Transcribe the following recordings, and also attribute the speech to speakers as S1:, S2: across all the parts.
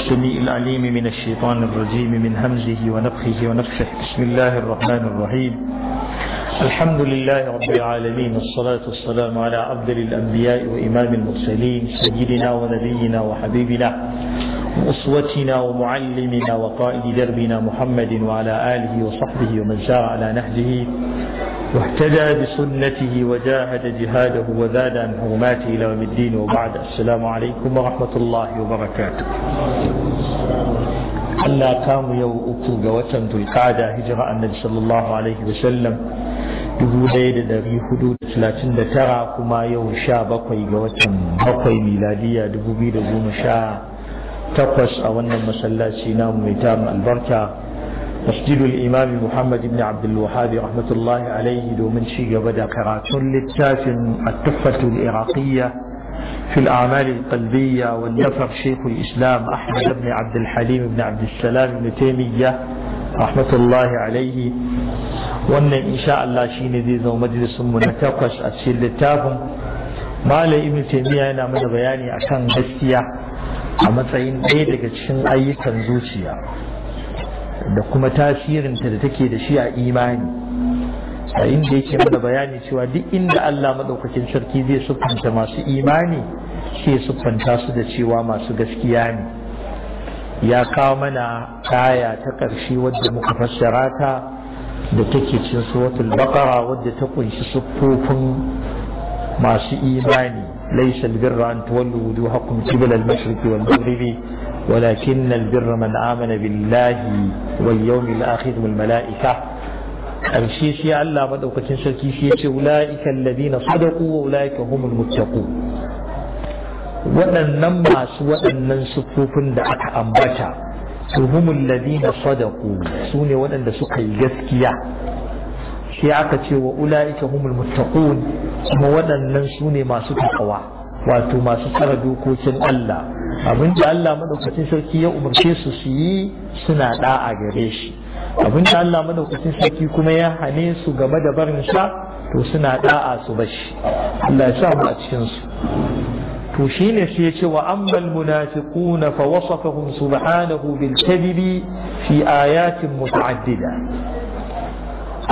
S1: السميع العليم من الشيطان الرجيم من همزه ونفخه ونفخه بسم الله الرحمن الرحيم الحمد لله رب العالمين والصلاة والسلام على عبد الأنبياء وإمام المرسلين سيدنا ونبينا وحبيبنا وأسوتنا ومعلمنا وقائد دربنا محمد وعلى آله وصحبه ومن سار على نهجه واهتدى بسنته وجاهد جهاده وزاد عن حرماته إلى يوم الدين وبعد السلام عليكم ورحمة الله وبركاته Allah kamu yau uku ga watan dulkada hijira annabi sallallahu alaihi dubu ɗaya da ɗari hudu da talatin da tara kuma yau sha bakwai ga watan bakwai miladiya dubu biyu da goma sha takwas a wannan masallaci namu mai tamu albarka مسجد الإمام محمد بن عبد الوهاب رحمة الله عليه دومن شي بدا كراتون للتاس التحفة العراقية في الأعمال القلبية والنفر شيخ الإسلام أحمد بن عبد الحليم بن عبد السلام بن تيمية رحمة الله عليه وأن إن شاء الله شيء نزيد ومجلس منتقش أتشير للتافم ما ابن تيمية أنا من بياني أكان غسية أما matsayin ɗaya daga cikin ayyukan zuciya da kuma tasirinta da take da shi a imani a inda yake mana bayani cewa duk inda Allah madaukakin sarki zai siffanta masu imani sai siffanta su da cewa masu gaskiya ne ya kawo mana kaya ta ƙarshe wadda muka fassara ta da take cin suratul baqara wadda ta kunshi siffofin masu imani laysa albirra an tuwallu wujuhakum qibla al-mashriqi wal maghribi ولكن البر من آمن بالله واليوم الآخر والملائكة أمشي شيء ألا بدأ وقتين شركي شيء أولئك الذين صدقوا وأولئك هم المتقون وأن نمس وأن نسفوف دعك أنبشا وهم الذين صدقوا سوني وأن سقي جثكيا شيء أكتي وأولئك هم المتقون وأن نسوني ما سقي قوى واتو ما سقي ردوكو الله abin da Allah madaukakin sarki ya umarce su su yi suna da'a gare shi abin da Allah madaukakin sarki kuma ya hane su game da barin sa to suna da'a su bashi Allah ya sa mu a cikin su to shine sai ya ce wa ammal munafiquna fa wasafahum subhanahu bil kadhibi fi ayatin muta'addida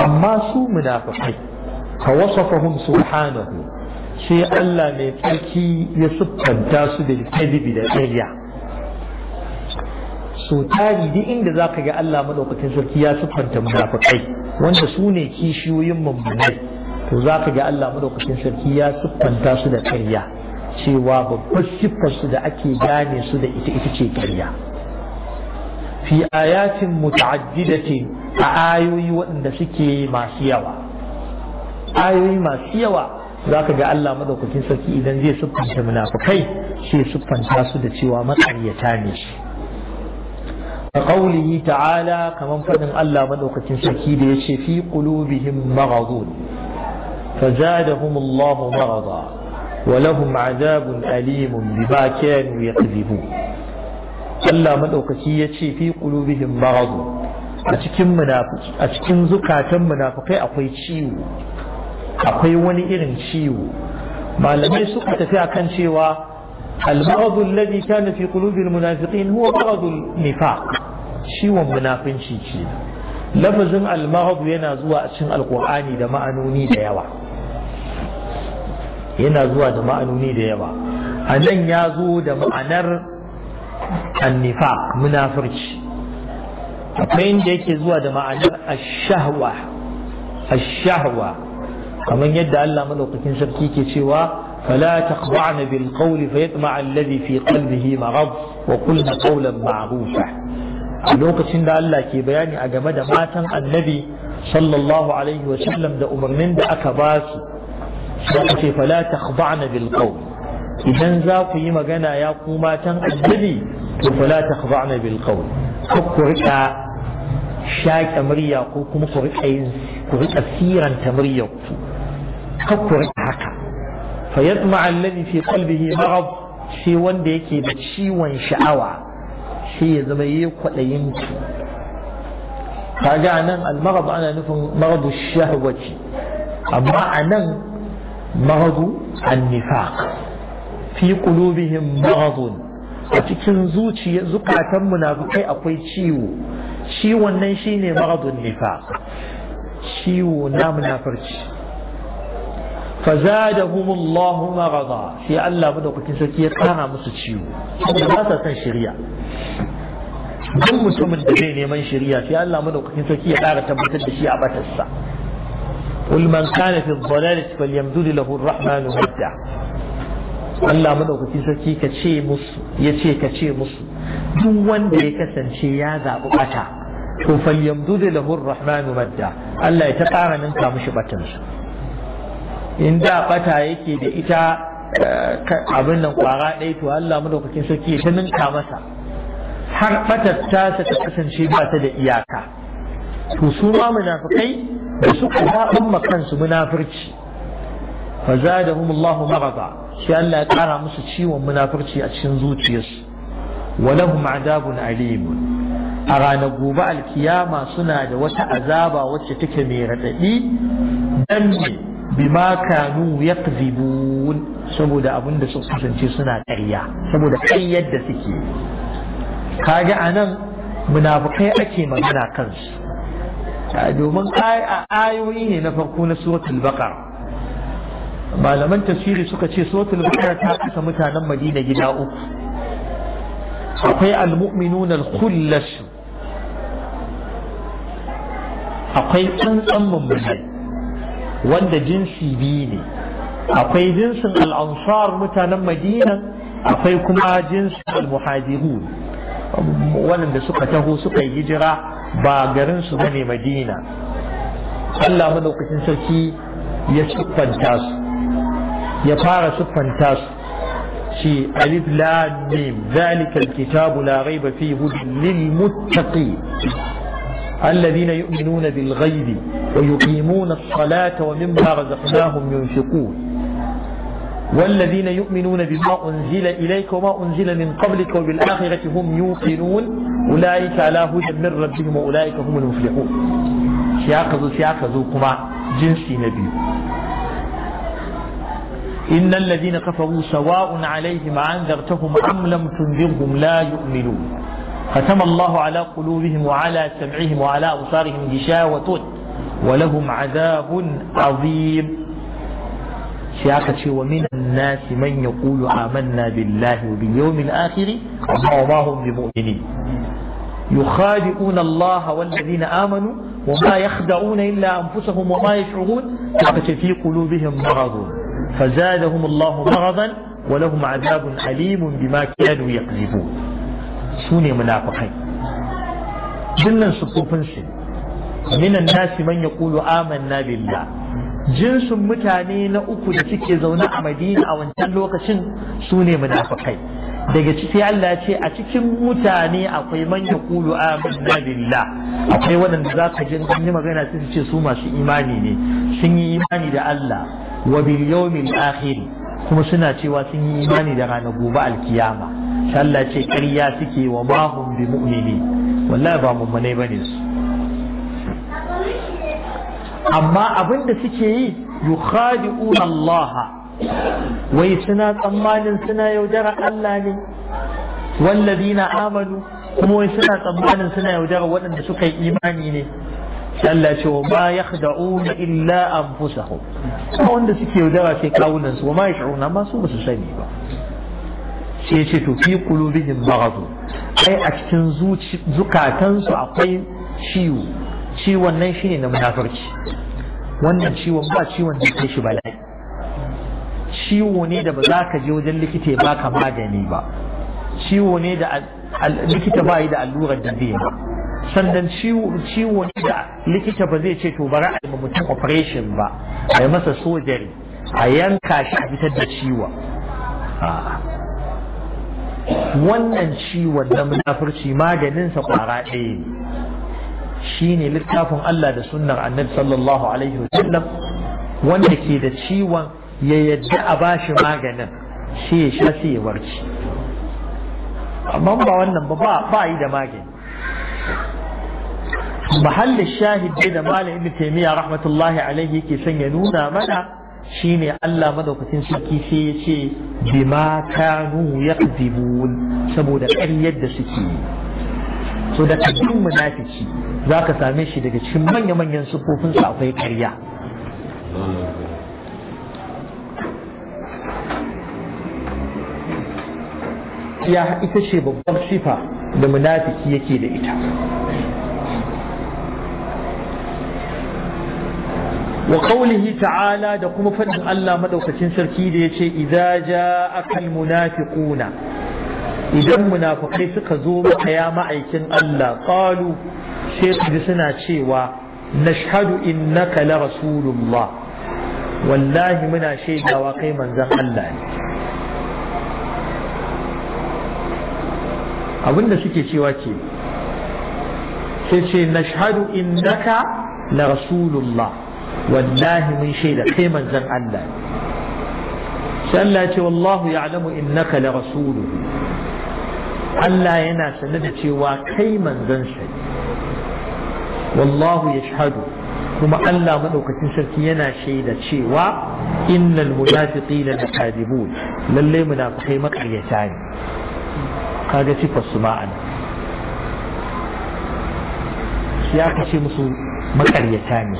S1: amma su munafiqai fa wasafahum subhanahu sai Allah mai tsarki ya siffanta su da talibi da ƙarya so tari duk inda za ka ga Allah maɗaukakin sarki ya siffanta munafukai wanda su ne kishiyoyin mummunai to za ka ga Allah maɗaukakin sarki ya siffanta su da ƙarya cewa babbar siffar da ake gane su da ita ita ce tsariya fi ayatin muta'addidati a ayoyi waɗanda suke masu yawa ayoyi masu yawa za ka ga Allah madaukakin sarki idan zai siffanta munafukai sai siffanta su da cewa matsayyata ne shi a ƙaunihi ta'ala kamar faɗin Allah madaukakin sarki da ya ce fi ƙulubihim maghadun فزادهم الله مرضا ولهم عذاب أليم بما كانوا يكذبون Allah madaukaki ya ce fi ƙulubihim maradu a cikin munafiki a cikin zukatan munafukai akwai ciwo akwai wani irin ciwo malamai suka tafi akan cewa المرض Ladi كان في قلوب المنافقين هو مرض النفاق ciwon munafinci ce lafazin almarad yana zuwa a cikin alkur'ani da ma'anoni da yawa yana zuwa da ma'anoni da yawa a nan ya zo da ma'anar annifa munafirci akwai inda yake zuwa da ma'anar ashahwa shahwa. kamar yadda Allah malaukakin sarki ke cewa فلا تخضعن بالقول فيطمع الذي في قلبه مرض وقلن قولا معروفا lokacin da Allah ke bayani a game da matan annabi sallallahu alaihi wa sallam da umarnin da aka ba su sai ce fala takhda'na bil qawl idan za ku yi magana ya ku matan annabi to fala takhda'na bil qawl ku rika shaƙe murya ko kuma ku rika yin ku rika siranta muryar ku kakkurin haka fa yadma alladhi fi qalbihi marad shi wanda yake da ciwon sha'awa shi ya zama yayi kwadayin ki kaga anan al-marad ana nufin maradu shahwati amma anan maradu an-nifaq fi qulubihim maradun a cikin zuciya zukatan munafikai akwai ciwo ciwon nan shine maradun nifaq ciwo na munafurci فزادهم الله مرضا في الله مدوكتين سكي قارا musu ciwo ba sa san shari'a duk mutumin da zai neman shirya, sai Allah madaukakin sarki ya ƙara tabbatar da shi a batarsa قل من كان في الضلالة فليمدد له الرحمن مدا Allah madaukakin sarki ka ce musu duk wanda ya kasance ya zaɓi bata to falyamdu da lahur rahmanu Allah ya ta ƙara ninka mishi batansu in da bata yake da ita eh, abin nan kwara ɗaya to Allah madaukakin sarki ta ninka masa har batar tasa ta kasance ba ta da iyaka to su ma munafikai da su zaɓan ma kansu munafurci fa zadahum Allahu marada sai Allah ya ƙara musu ciwon munafurci a cikin zuciyarsu wa lahum adabun alim a ranar gobe alkiyama suna da wata azaba wacce take mai raɗaɗi dan bima kanu yakzibun saboda abin da su kasance suna ƙarya saboda ƙaryar da suke kaga anan munafukai ake magana kansu domin ayoyi ne na farko na suratul baqara malaman tafsiri suka ce suratul baqara ta kasa mutanen madina gida uku akwai almu'minuna al-khullas akwai tsantsan mummunai wanda jinsi biyu ne akwai jinsin al'ansar mutanen madina akwai kuma jinsin al-muhajiru waɗanda suka taho suka yi hijira ba garin su bane madina Allah lokacin sarki ya siffanta su ya fara siffanta su shi alif lam mim zalika alkitabu la raiba fihi lil muttaqin alladhina yu'minuna bil ghaibi ويقيمون الصلاة ومما رزقناهم ينفقون والذين يؤمنون بما أنزل إليك وما أنزل من قبلك وبالآخرة هم يوقنون أولئك على هدى من ربهم وأولئك هم المفلحون سياق سياق كما جنسي نبي إن الذين كفروا سواء عليهم أنذرتهم أم لم تنذرهم لا يؤمنون ختم الله على قلوبهم وعلى سمعهم وعلى أبصارهم غشاوة ولهم عذاب عظيم شيء ومن الناس من يقول آمنا بالله وباليوم الآخر وما هم بمؤمنين
S2: يخادعون
S1: الله والذين آمنوا وما يخدعون إلا أنفسهم وما يشعرون شاكت في قلوبهم مرض فزادهم الله مرضا ولهم عذاب أليم بما كانوا يكذبون سوني منافقين جنن صفوفن سنه minan nasi man yaqulu amanna billah jinsin mutane na uku da suke zaune a madina a wancan lokacin su ne munafikai daga ciki Allah ce a cikin mutane akwai man yaqulu amanna billah akwai waɗanda za ka jin yi magana su ce su masu imani ne sun yi imani da Allah wa bil yawmil akhir kuma suna cewa sun yi imani da ranar gobe alkiyama Allah ce ƙarya suke wa mahum bi mu'mini wallahi ba mummune bane su amma abin da suke yi yukhadi'una Allah wai suna tsammanin suna yaudara Allah ne wallazina amanu kuma wai suna tsammanin suna yaudara waɗanda suka yi imani ne sai Allah ce wa ma illa anfusahum kuma wanda suke yaudara sai kawunan su wa ma yash'uruna ma su basu sani ba sai ce to fi qulubihim maghadu ai a cikin zukatansu akwai ciwo ciwon nan shine na munafurci wannan ciwon ba ciwon da ke shi bala'i ciwo ne da ba za ka je wajen likita ya baka magani ba ciwo ne da likita ba yi da allurar da zai ba sannan ciwo ne da likita ba zai ce to bari a yi mutum operation ba a yi masa sojari a yanka shi a fitar da ciwon wannan ciwon na munafurci maganinsa kwara ɗaya ne shine littafin Allah da sunnar annabi sallallahu alaihi wasallam wanda ke da ciwon ya yadda a bashi maganin sai ya sha sai ya warke amma ba wannan ba ba yi da magani mahallin shahid da malam ibn taymiya rahmatullahi alaihi yake son ya nuna mana shine Allah madaukakin sarki sai ya ce bima kanu yaqdibun saboda ƙaryar da suke yi
S2: so da duk munafici
S1: za ka same shi daga cikin manya-manyan sufofinsa akwai karya ya ita ce babbar sifa da munafiki yake da ita wa qawlihi ta'ala da kuma faɗin Allah maɗaukacin sarki da yace idza ja'aka almunafiquna idan munafikai suka zo maka ya ma'aikin Allah ƙalu. sai ka ji suna cewa nashhadu innaka la rasulullah wallahi muna shaidawa kai manzon Allah ne abinda suke cewa ke sai ce nashhadu innaka la rasulullah wallahi mun shaida kai manzon Allah ne sai Allah ce wallahu ya'lamu innaka la rasuluhu Allah yana sanar da cewa kai manzon sa ne wallahu yashhadu kuma Allah maɗaukacin sarki yana shaida cewa innal munafiqina lakadibun lalle munafiqai makaryata ne kaga sifar su ma'ana shi aka musu makaryata ne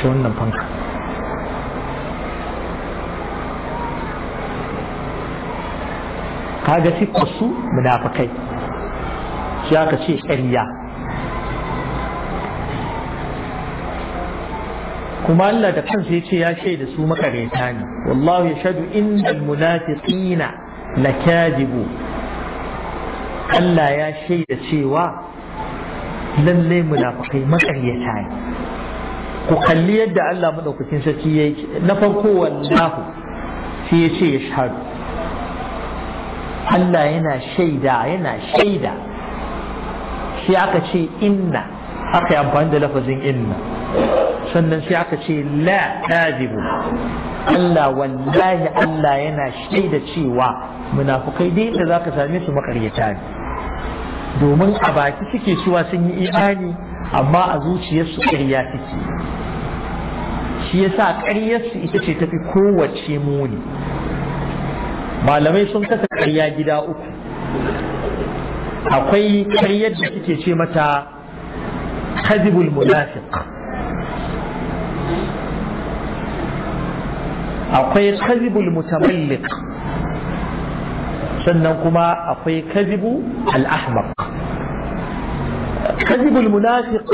S1: shi wannan fanka su munafikai gaskiya ka ce ƙarya kuma Allah da kansa ya ce ya shaida su makareta ne wallahu ya shaɗu inda munafiqina na kyajibu Allah ya shaida cewa lallai munafikai makaryata ne ku kalli yadda Allah madaukakin sarki ya yi na farko wallahu sai ya ce ya Allah yana shaida yana shaida sai aka ce inna aka yi amfani da lafazin inna sannan sai aka ce la kadibu Allah wallahi Allah yana shaida cewa munafukai dai inda zaka same su makaryata ne domin a baki suke cewa sun yi imani amma a zuciyarsu ƙarya suke shi yasa ƙaryarsu ita ce tafi kowace muni malamai sun kasa ƙarya gida uku akwai karyar yadda suke ce mata kazibul munafiq akwai kazibul mutamalliq sannan kuma akwai kazibu al-ahmaq kazibul munafiq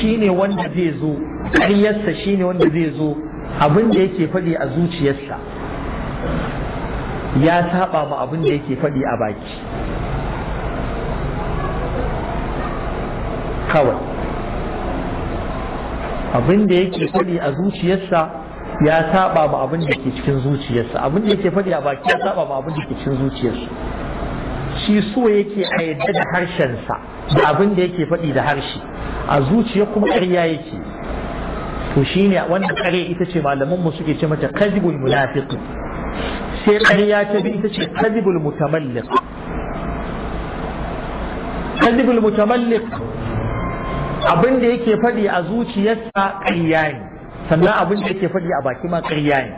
S1: shine wanda zai zo shine wanda zai zo abin da yake faɗi a zuciyarsa ya saba ma abin da yake faɗi a baki kawai abin da yake faɗi a zuciyarsa ya saba ma abin da ke cikin zuciyarsa abin da yake faɗi a baki ya saba ma abin da ke cikin zuciyarsa shi so yake a yadda da harshensa da abin da yake faɗi da harshe a zuciya kuma ƙarya yake to shine wannan ƙarya ita ce malaman mu suke ce mata kadibul munafiqi sai ƙarya ta bi ita ce kadibul mutamallik kadibul mutamallik abin da yake faɗi a zuciyarsa ƙarya ne sannan abin da yake faɗi a baki ma ƙarya ne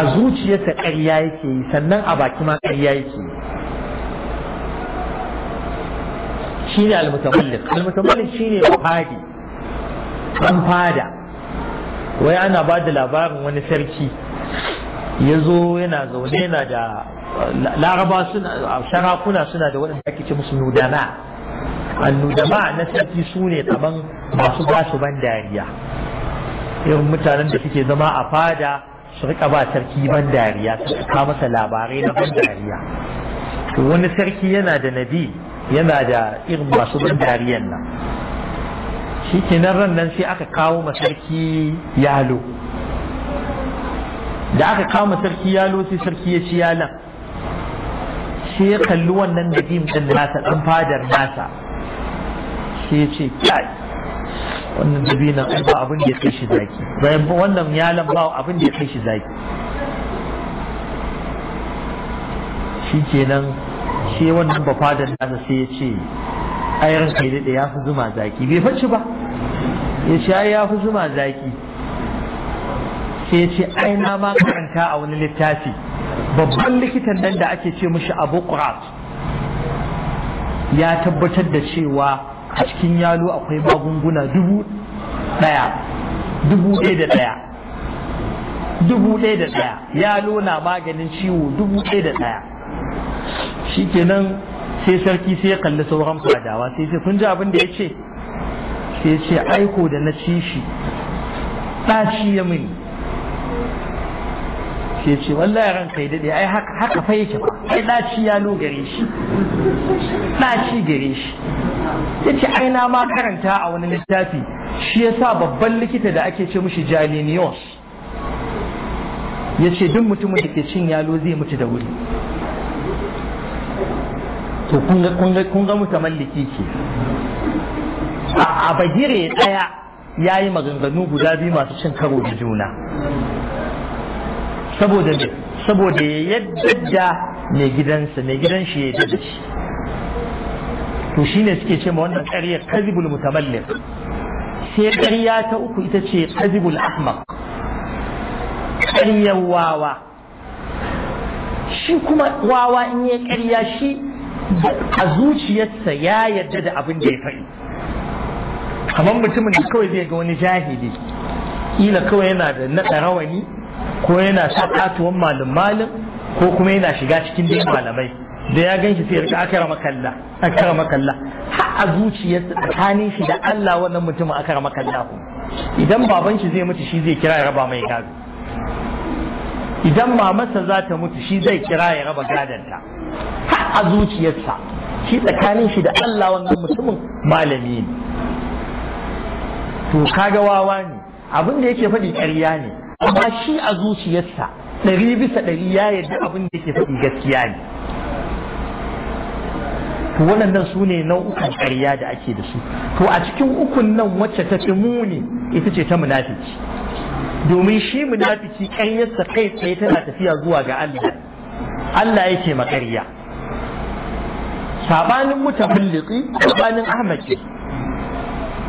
S1: a zuciyarsa ƙarya yake yi sannan a baki ma ƙarya yake yi shine al mutamallik al shi shine fadi an fada wai ana ba da labarin wani sarki ya zo yana zaune yana da laraba suna suna da waɗanda ake ce musu nudana nudama na sarki su ne kaman masu ba su ban dariya irin mutanen da suke zama a fada su rika ba sarki ban dariya su ka masa labarai na ban dariya wani sarki yana da nabi yana da irin masu ban dariyan nan shi kenan ran nan sai aka kawo masarki yalo da aka kama sarki lo sai sarki ya ci yalan sai ya kalli wannan nadim din nasa dan fadar nasa sai ya ce kai wannan an ba abin da ya kai shi zaki bayan wannan yalan ba abin da ya kai shi zaki shi kenan shi wannan ba fadar nasa sai ya ce ai kai da ya fi zuma zaki bai faci ba ya ce ya fi zuma zaki sai ce ai na ma karanta a wani littafi babban likitan nan da ake ce mishi abu qurat ya tabbatar da cewa a cikin yalo akwai magunguna dubu daya dubu ɗaya da ɗaya dubu ɗaya da ɗaya yalo na maganin ciwo dubu ɗaya da ɗaya shikenan sai sarki sai ya kalli sauran fadawa sai ce kun ji abin da ya ce sai ce aiko da na ci shi ɗaci ya mini sai ce wallahi ran kai dade ai haka haka fa yake ba ai daci ya lo gare shi daci gare shi yace ai na ma karanta a wani littafi shi yasa babban likita da ake ce mishi Jalinius yace duk mutumin da ke cin yalo zai mutu da wuri to kun ga mutamalliki ke a bagire daya ya yi maganganu guda biyu masu cin karo da juna saboda saboda ya yadda da mai gidansa mai gidan shi ya yadda shi to shine suke ce ma wannan ƙaryar kazibul mutamallin sai ƙarya ta uku ita ce kazibul ahmak ƙaryar wawa shi kuma wawa in ya ƙarya shi a zuciyarsa ya yadda da abin da ya faɗi kamar mutumin da kawai zai ga wani jahili ila kawai yana da naɗa rawani ko yana shan katuwan malin malin ko kuma yana shiga cikin dai malamai da ya gan shi sai rika akara makalla akara makalla har a zuciyarsa tsakanin shi da Allah wannan mutumin akara makalla idan baban shi zai mutu shi zai kira ya raba mai gado idan mamarsa za ta mutu shi zai kira ya raba gadonta har a zuciyarsa shi tsakanin shi da Allah wannan mutumin malami ne to kaga wawa ne abin da yake faɗi ƙarya ne amma shi a zuciyarsa ɗari bisa ɗari ya yarda abin da ke faɗi gaskiya ne to waɗannan su ne nau'ukan ƙarya da ake da su to a cikin ukun nan wacce ta fi muni ita ce ta munafiki domin shi munafiki ƙaryarsa kai tsaye tana tafiya zuwa ga Allah Allah yake maƙarya sabanin mutaballiki sabanin ahmaki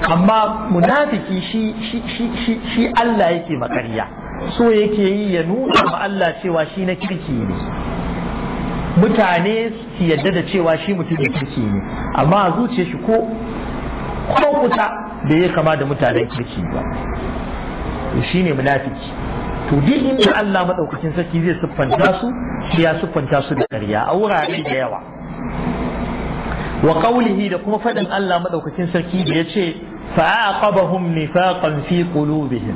S1: amma munafiki shi shi shi Allah yake makariya so yake yi ya nuna ma Allah cewa shi na kirki ne mutane su yadda da cewa shi ne kirki ne amma a zuciya shi ko ko kusa da ya kama da mutanen kirki ba to shine munafiki to duk inda Allah madaukakin sarki zai siffanta su ya siffanta su da ƙarya a wurare da yawa wa qawlihi da kuma faɗin Allah maɗaukacin sarki da yace fa'aqabahum nifaqan fi qulubihim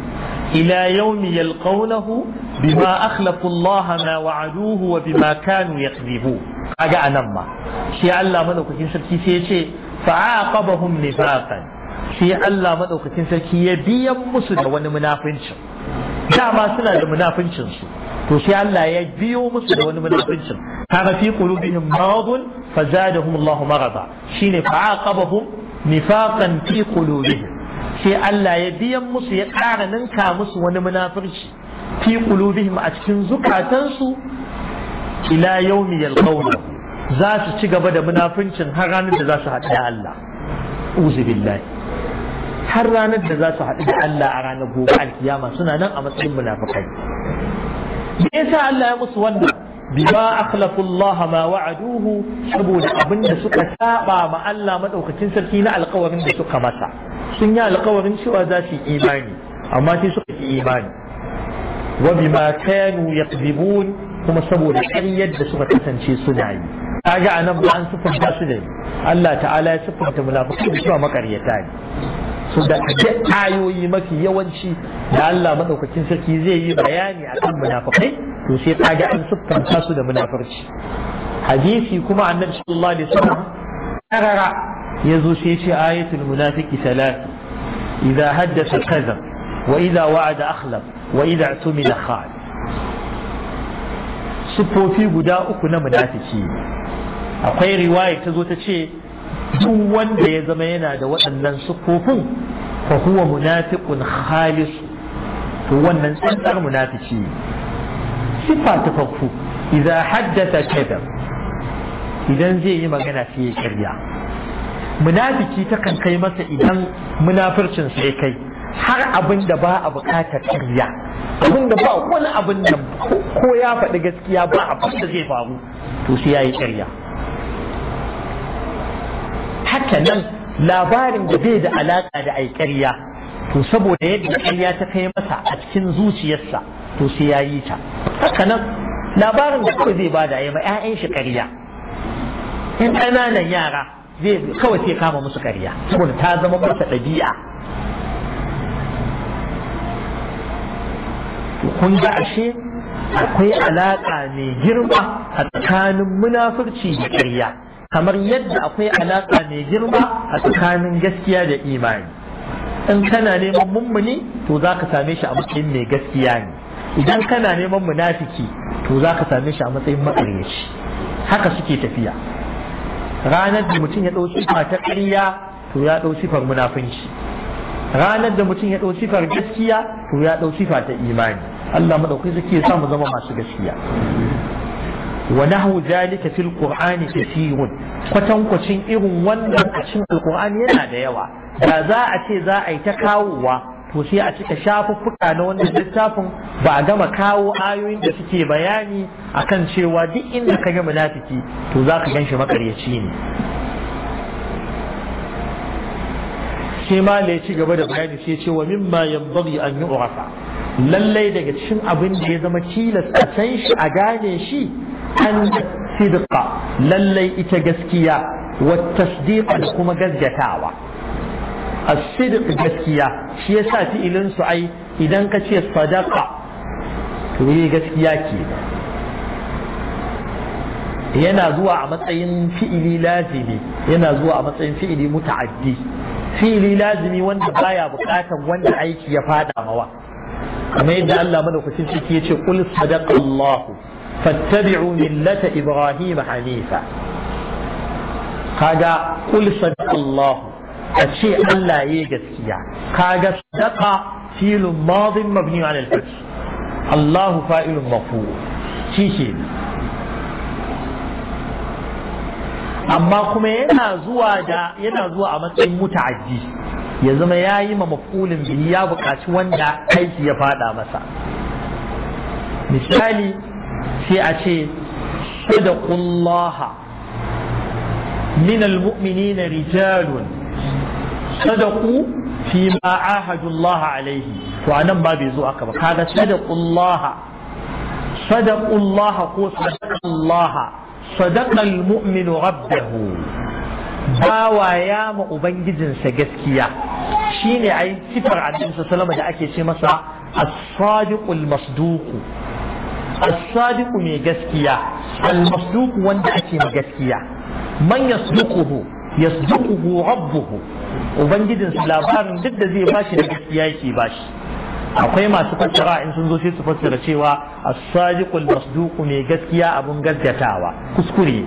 S1: ila yawmi yalqawnahu bima akhlafu Allah ma wa'aduhu wa bima kanu yakdhibu kaga anan ma shi Allah madaukakin sarki sai yace fa'aqabahum nifaqan shi Allah maɗaukacin sarki ya biyan musu da wani munafincin dama suna da munafuncinsu. to sai Allah ya biyo musu da wani munafincin kaga fi qulubihim maradun fazadahum Allahu marada shine fa'aqabahum nifaqan fi qulubihim sai Allah ya biyan musu ya ƙara ninka musu wani munafirci fi qulubihim a cikin zukatansu ila yawmi yalqawna za su ci gaba da munafincin har ranar da za su haɗu da Allah uzu billahi har ranar da za su haɗu da Allah a ranar gobe alkiyama suna nan a matsayin munafikai me yasa Allah ya musu wannan bima akhlafu Allah ma wa'aduhu saboda abinda suka saba ma Allah madaukakin sarki na alƙawarin da suka masa sun yi alƙawarin cewa za su yi imani amma sai suka yi imani wa bima kanu yakzibun kuma saboda ƙaryar da suka kasance suna yi kaga anan ba an sufanta su da Allah ta'ala ya sufanta munafiqai da cewa makaryata ne so da duk ayoyi mafi yawanci da Allah madaukakin sarki zai yi bayani akan munafikai to sai ka ga an siffanta su da munafurci hadisi kuma annabi sallallahu alaihi wasallam karara zo sai ce ayatul munafiki salatu idza haddatha kadhab wa idza wa'ada akhlaf wa idza tumila khal Sufofi guda uku na munafiki akwai riwaya ta zo ta ce duk wanda ya zama yana da waɗannan sufofin fa huwa munafiqun khalis to wannan tsantsar munafiki ne sifa ta farko idan haddata kada idan zai yi magana sai ya karya munafici ta kan kai masa idan munafircin sai kai har abin da ba a karya abin da ba wani abin da ko ya faɗi gaskiya ba abin da zai faru to sai ya yi karya haka nan labarin da bai da alaƙa da aikariya to saboda yadda ƙarya ta kai masa a cikin zuciyarsa to sai ya yi ta haka nan labarin da zai bada ya ma 'ya'yan shi ƙarya in ƙananan yara zai kawai sai kama musu ƙarya saboda ta zama masa ɗabi'a kun ga ashe akwai alaƙa mai girma a tsakanin munafurci da ƙarya kamar yadda akwai alaƙa mai girma a tsakanin gaskiya da imani in kana neman mummuni to za ka same shi a matsayin mai gaskiya ne idan kana neman munafiki to za ka same shi a matsayin makaryaci haka suke tafiya ranar da mutum ya ɗauki sifa ta ƙarya to ya ɗau sifar munafunci ranar da mutum ya ɗau sifar gaskiya to ya ɗau sifa ta imani Allah maɗaukai suke sa mu zama masu gaskiya wa nahu zalika fil qur'ani kaseerun kwatankwacin irin wannan a cikin alqur'ani yana da yawa Ba za a ce za a yi ta kawowa to sai a cika shafuffuka na wannan littafin ba a gama kawo ayoyin da suke bayani a kan cewa duk inda ka ga munafiki to za ka gan shi makaryaci ne sai ma ci gaba da bayani sai cewa wa mimma yanbaghi an yi yu'rafa lallai daga cikin abin da ya zama tilas a san a gane shi an sidqa lallai ita gaskiya wa tasdiqa da kuma gaskatawa as-sidq gaskiya shi yasa fi'ilin su ai idan ka ce sadaqa to ne gaskiya ke yana zuwa a matsayin fi'ili lazimi yana zuwa a matsayin fi'ili muta'addi fi'ili lazimi wanda baya bukatar wanda aiki ya fada mawa kamar yadda Allah madaukakin ciki ya ce qul Allahu. fattabi'u millata ibrahim hanifa kaga qul sadaqa allah ce Allah ya gaskiya kaga sadaqa filin madin mabni ala al-fath Allahu fa'ilun maf'ul shi amma kuma yana zuwa da yana zuwa a matsayin muta'addi ya zama ya yi ma maf'ulin bihi ya buƙaci wanda aiki ya faɗa masa misali sai a ce sadaqullaha min almu'minina rijalun sadaqu fi ma ahadullaha alaihi to anan ba bai zo aka ba kaga sadaqullaha sadaqullaha ko sadaqallaha sadaqal mu'minu rabbahu bawa ya ma ubangijinsa gaskiya shine ayi sifar annabi sallallahu da ake ce masa as-sadiqul masduqu as-sadiqu mai gaskiya al-masduq wanda ake ma gaskiya man yasduquhu yasduquhu rabbuhu ubangijin labarin duk da zai bashi da gaskiya yake bashi akwai masu fassara in sun zo sai su fassara cewa as-sadiqu al-masduq mai gaskiya abun gaggatawa kuskure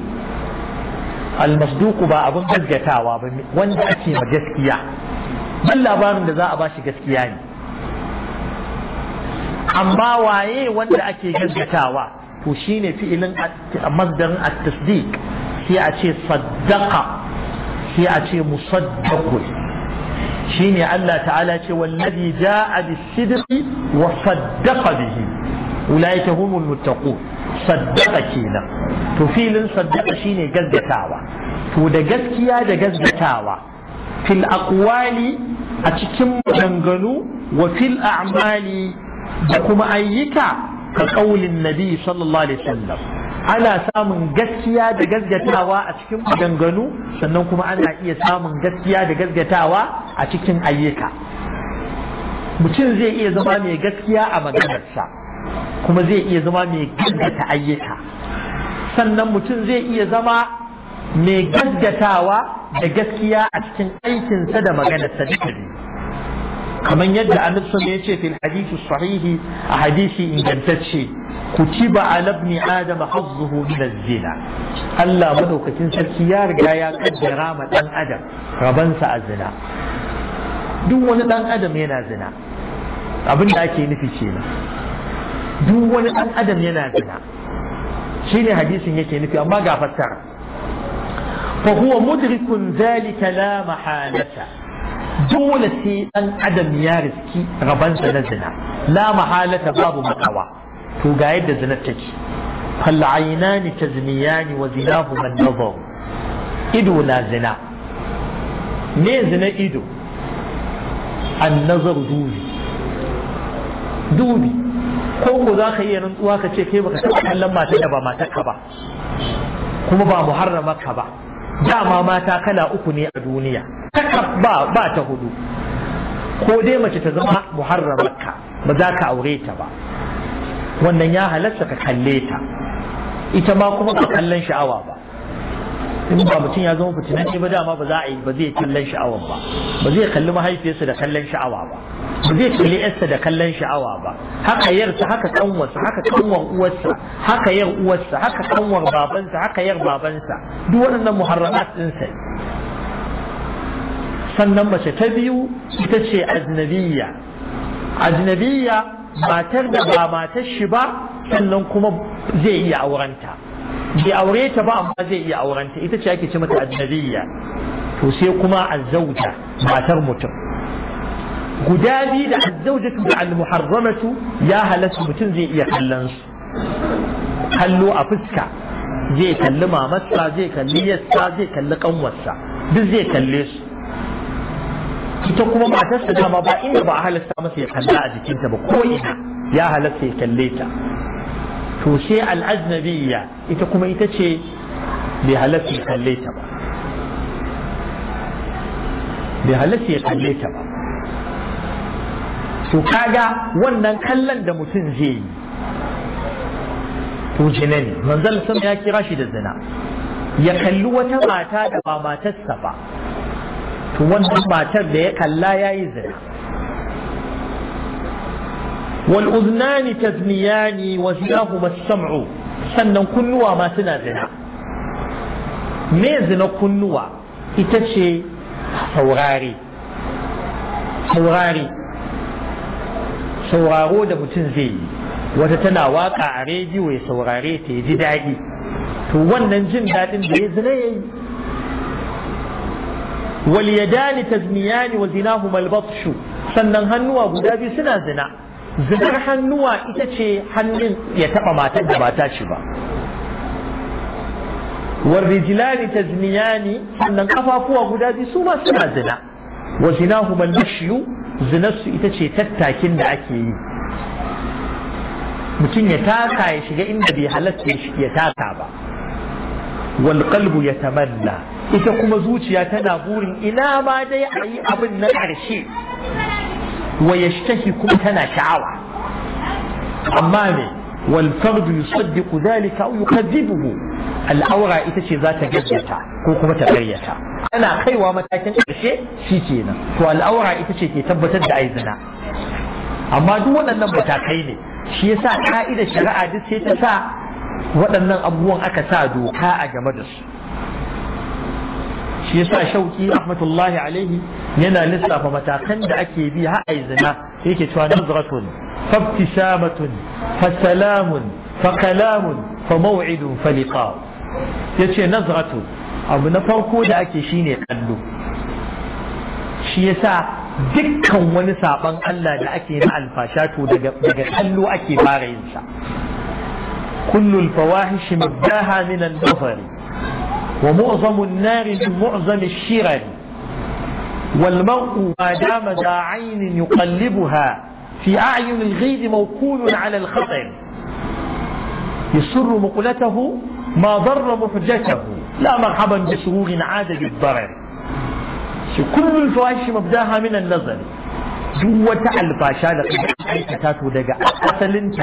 S1: al-masduq ba abun gaggatawa ba wanda ake ma gaskiya duk labarin da za a bashi gaskiya ne amma waye wanda ake gaskatawa to shine fi'ilin masdarin at-tasdiq sai a ce saddaqa sai a ce musaddaqun shine Allah ta'ala ce wallazi ja'a bis-sidqi wa saddaqa bihi ulaika humul muttaqun saddaqa kenan to filin saddaqa shine gaskatawa to da gaskiya da gaskatawa fil aqwali a cikin maganganu wa fil a'mali da kuma ayyuka ka kaulin nabi sallallahu alaihi wasallam ana samun gaskiya da gaskatawa a cikin maganganu sannan kuma ana iya samun gaskiya da gaskatawa a cikin ayyuka mutum zai iya zama mai gaskiya a maganarsa kuma zai iya zama mai gaskata ayyuka sannan mutum zai iya zama mai gaskatawa da gaskiya a cikin aikinsa da maganarsa duka biyu kamar yadda annabi sallallahu alaihi yace fil hadisi sahihi a hadisi ingantacce kutiba ala ibn adam hazzuhu min zina Allah madaukakin sarki ya riga ya kaddara ma dan adam rabansa a zina duk wani dan adam yana zina abin da ake nufi kenan duk wani dan adam yana zina shine hadisin yake nufi amma ga fassara fa huwa mudrikun zalika la mahalata dole sai ɗan adam ya riski rabansa na zina la mahalata babu makawa to ga yadda zina take fal'ainani tazmiyani wa zinahu man nazaru ido na zina me zina ido an nazar dubi dubi ko ku za ka iya rantsuwa ka ce kai baka taɓa kallon matar da ba matar ka ba kuma ba muharramar ka ba dama mata kala uku ne a duniya ba ba ta hudu ko dai mace ta zama muharramarka ba za ka aure ta ba wannan ya halatta ka kalle ta ita ma kuma ka kallon sha'awa ba in ba mutum ya zama fitinan ba dama ba za a yi ba zai kallon sha'awa ba ba zai kalli mahaifiyarsa da kallon sha'awa ba ba zai kalli yarsa da kallon sha'awa ba haka yarsa haka kanwarsa haka kanwar uwarsa haka yar uwarsa haka kanwar babansa haka yar babansa duk waɗannan muharramat din sannan mace ta biyu ita ce ajnabiyya ajnabiyya matar da ba matar shi ba sannan kuma zai iya aurenta bai aure ta ba amma zai iya aurenta ita ce ake ce mata ajnabiyya to sai kuma azzauja matar mutum guda biyu da azzaujatu da almuharramatu ya halatta mutum zai iya kallon su kallo a fuska zai kalli mamarsa zai kalli yassa zai kalli kanwarsa duk zai kalle su ita kuma matarsa dama ba inda ba a halasta masa ya kalla a jikinta ba ko ina ya halasta ya kalle ta to sai al'ajnabiyya ita kuma ita ce bai halatta ya kalle ta ba bai halatta ya kalle ta ba to kaga wannan kallon da mutum zai yi to jina ne manzal sama ya kira shi da zina ya kalli wata mata da ba matarsa ba to wannan matar da ya kalla ya yi zina والأذنان تذنيان وزناهما السمع سنن كنوا ما سنا زنا ما كنوا إتشي سوراري سوراري سورارو دا متنزي وتتنا واقع عريدي ويسوراري تيجي داعي وانن جن دادن بيزنين واليدان تزنيان وزناهما البطش سنن هنوا أبو دابي زنا. zubar hannuwa ita ce hannun ya taɓa matar da ba ta ci ba ta تزنيان sannan kafafuwa guda biyu su ma suna zina wa zinahu, al-mashyu zinarsu ita ce tattakin da ake yi mutum ya taka ya shiga inda bai halatta ya taka ba wal qalbu yatamalla ita kuma zuciya tana burin ina ma dai ayi abin na ƙarshe wa yashtahi kuma tana sha'awa amma me wal fardu yusaddiqu dhalika aw yukadzibuhu al'aura ita ce za ta gaggata ko kuma ta gayyata ana kaiwa matakin ƙarshe shi kenan to al'aura ita ce ke tabbatar da aizina amma duk waɗannan matakai ne shi yasa ka'idar shari'a duk sai ta sa waɗannan abubuwan aka sa doka a game da su shi yasa shauki rahmatullahi alaihi yana lissafa matakan da ake bi har ai zina yake cewa nazratun fabtisamatun fasalamun fakalamun fa maw'idun fa liqa yace nazratu abu na farko da ake shine kallo shi yasa dukkan wani saban Allah da ake na alfasha to daga daga kallo ake fara yin sa kullul fawahish mabdaha min an nazar wa mu'zamu an-nar min mu'zami ash-shirari والماء ما دام ذا عين يقلبها في أعين الغيظ موكول على الخطر يسر مقلته ما ضر مفرجته لا مرحبا بسرور عاد بالضرر كل الفواحش مبداها من النظر جوة الفاشا لقد تاتو دقا أصل انت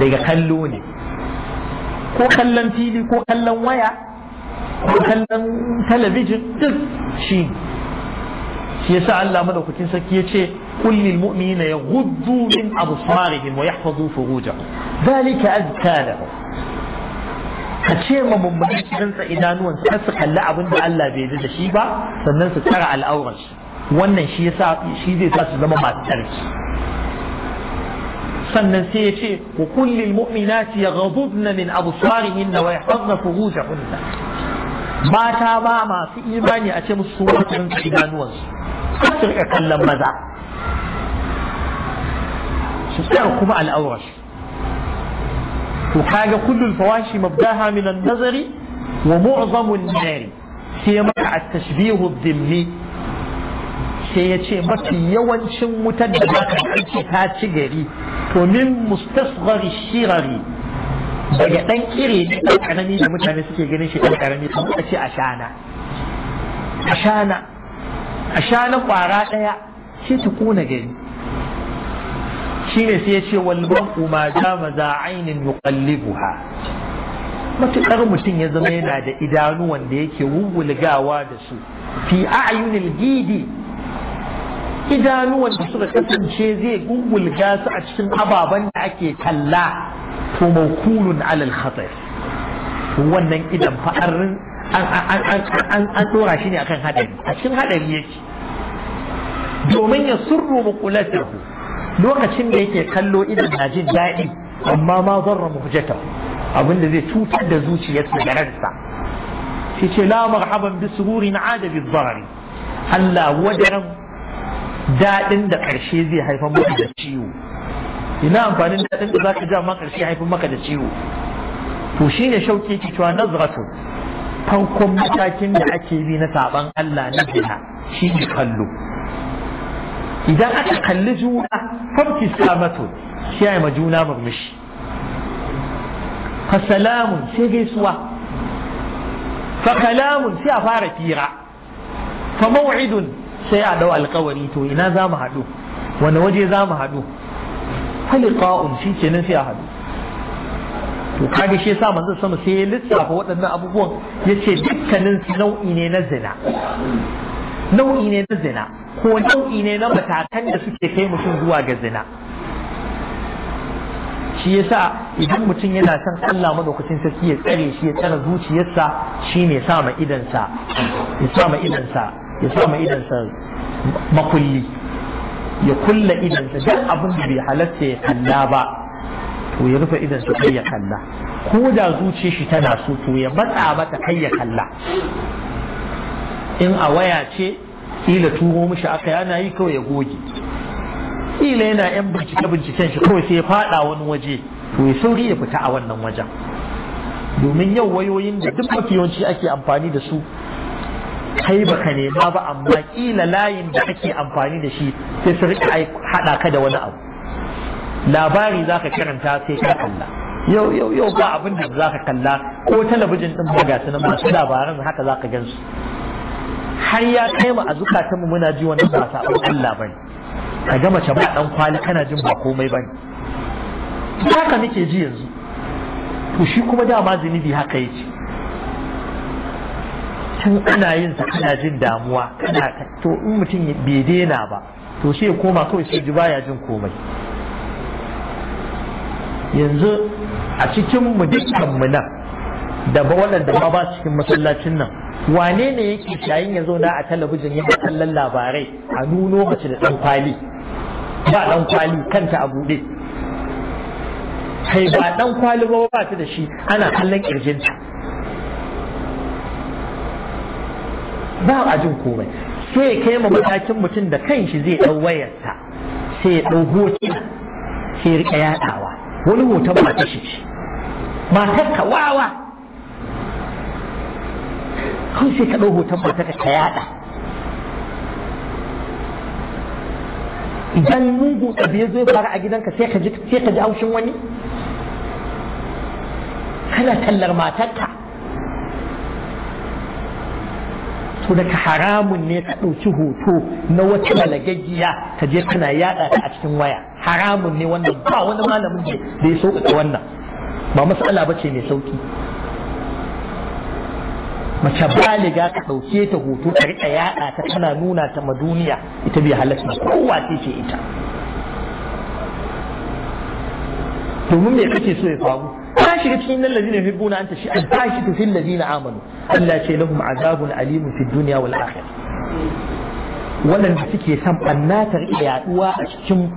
S1: دقا خلوني كو خلن تيلي كو خلن ويا كو خلن تلفزيون شيء shi yasa Allah madaukakin sarki yace qul lil mu'minina yaghuddu min absarihim wa yahfazu furujahum dalika azka lahum ka ce ma mummuni sa idanuwan sa su kalli abin da Allah bai yi da shi ba sannan su tsara al'auran shi wannan shi yasa shi zai sa su zama masu tarki sannan sai ya ce wa kullil mu'minati yaghudna min absarihim wa yahfazu furujahum mata ba masu imani a ce musu su wata rinka idanuwansu su rika kallon maza su tsaya kuma al'aurar to kaga kullul fawashi mabdaha min an-nazari wa mu'zamu an-nari sai ya maka at-tashbihu ad-dhimmi sai ya ce mafi yawancin wutar da za ka ta ci gari to min mustasghari shirari daga ɗan iri ne ɗan ƙarami da mutane suke ganin shi ɗan ƙarami kamar a ce ashana ashana ashana ƙwara ɗaya sai ta ƙuna gani shi ne sai ya ce walban ma za ainin yuqallibuha matuƙar mutum ya zama yana da idanuwan da yake wulgawa da su fi a'yunil gidi idanuwan da suka kasance zai gugulga su a cikin ababen da ake kalla to mawkulun alal khatar wannan idon fa'arin an dora shi ne akan haɗari. a haɗari hadari yake domin ya surru muqulatahu lokacin da yake kallo idan na jin daɗi amma ma zarra muhjata abinda zai cutar da zuciyarsa da ransa shi ce la marhaban bi sururin ada bi Allah wadaran daɗin da ƙarshe zai haifar mutu da ciwo ina amfanin daɗin da za ka ja ma ƙarshe haifin maka da ciwo to shi ne shauƙi ki cewa nazratu farkon matakin da ake bi na saban Allah na zina shi ne kallo idan aka kalli juna farki samatu shi ya yi ma juna murmushi fasalamun sai gaisuwa fakalamun sai a fara fira fa mau'idun sai a dau alkawari to ina za mu haɗu wani waje za mu haɗu faliqa'un shi kenan sai a haɗu to kage shi yasa manzo sama sai ya lissafa waɗannan abubuwan yace dukkanin su nau'i ne na zina nau'i ne na zina ko nau'i ne na matakan da suke kai mutum zuwa ga zina shi yasa idan mutum yana son Allah madaukakin sarki ya tsare shi ya tsare zuciyarsa ne sama idan sa ya sa ma idansa ya sama idan sa makulli ya kulla idansa duk abin da bai halatta ya kalla ba to ya rufe idansa kai ya kalla ko da zuci shi tana so to ya matsa mata kai ya kalla in a waya ce kila turo mishi aka yana yi kawai ya goge kila yana yan bincike binciken shi kawai sai ya fada wani waje to ya sauri ya fita a wannan wajen domin yau wayoyin da duk mafi yawanci ake amfani da su kai baka nema ba amma kila layin da ake amfani da shi sai su rika hada ka da wani abu labari zaka karanta sai ka kalla yau yau yau ba abin da zaka kalla ko talabijin din ba gasu nan masu labaran haka zaka gan su har ya kai mu a mu muna ji wani ba sabon Allah bane ka ga mace ba dan kwali kana jin ba komai bane haka nake ji yanzu to shi kuma dama zunubi haka yake can ana yin sa ana jin damuwa kana to in mutum bai daina ba to sai ya koma kawai sai ji baya jin komai yanzu a cikin mu dukkan mu nan da ba waɗanda ba ba cikin masallacin nan wane ne yake shayin ya zauna a talabijin yana kallon labarai a nuno mace da ɗan kwali ba ɗan kwali kanta a buɗe kai ba ɗan kwali ba ba ta da shi ana kallon kirjinta ba a jin komai sai ya kai ma matakin mutum da kanshi zai ɗau wayarsa sai ya ɗau hotuna sai ya riƙa yaɗawa wani hoton matar shi ce matar ka wawa kawai sai ka ɗau hoton matar ka yaɗa idan mugu abu ya zo fara a gidanka sai ka ji haushin wani kana tallar matarka to daga haramun ne ka ɗauki hoto na wata balagaggiya ta je kana yaɗa ta a cikin waya haramun ne wannan ba wani malamin ne da ya sauƙaƙa wannan ba matsala ba ce mai sauƙi mace baliga ka ɗauke ta hoto ka riƙa yaɗa ta kana nuna ta ma duniya ita bai halatta kowa ce ce ita domin me kake so ya faru shiga cikin nan lazina yuhibbuna an tashi an tashi tu fil lazina amanu Allah ce lahum azabun alimun fid dunya wal Wannan waɗanda suke son bannatar ta yaɗuwa a cikin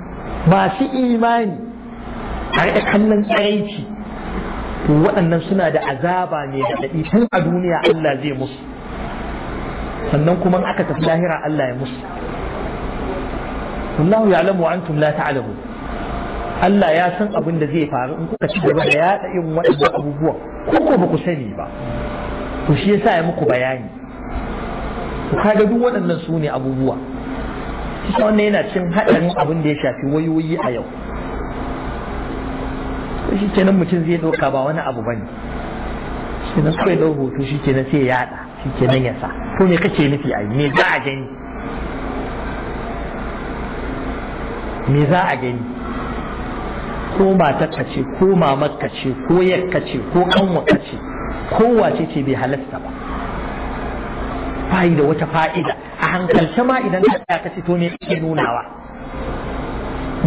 S1: masu imani a riƙe kallon tsaraici to waɗannan suna da azaba ne da daɗi tun a duniya Allah zai musu sannan kuma aka tafi lahira Allah ya musu wallahu ya'lamu an antum la ta'lamun Allah ya san abin da zai faru in kuka ci gaba da yaɗa irin waɗannan abubuwan ko ba ku sani ba to shi yasa ya muku bayani ku kaga duk waɗannan su ne abubuwa shi wannan yana cin haɗarin abin da ya shafi wayoyi a yau shi kenan mutum zai ɗauka ba wani abu bane shi nan kawai ɗau hoto shi kenan sai ya yaɗa shi kenan ya sa to me kake nufi a me za a gani me za a gani ko matarka ce ko mamarka ce ko yakka ce ko ka ce kowace ce bai halasta ba fa'ida wata fa'ida a hankalce ma idan ka ya kace to me kake nunawa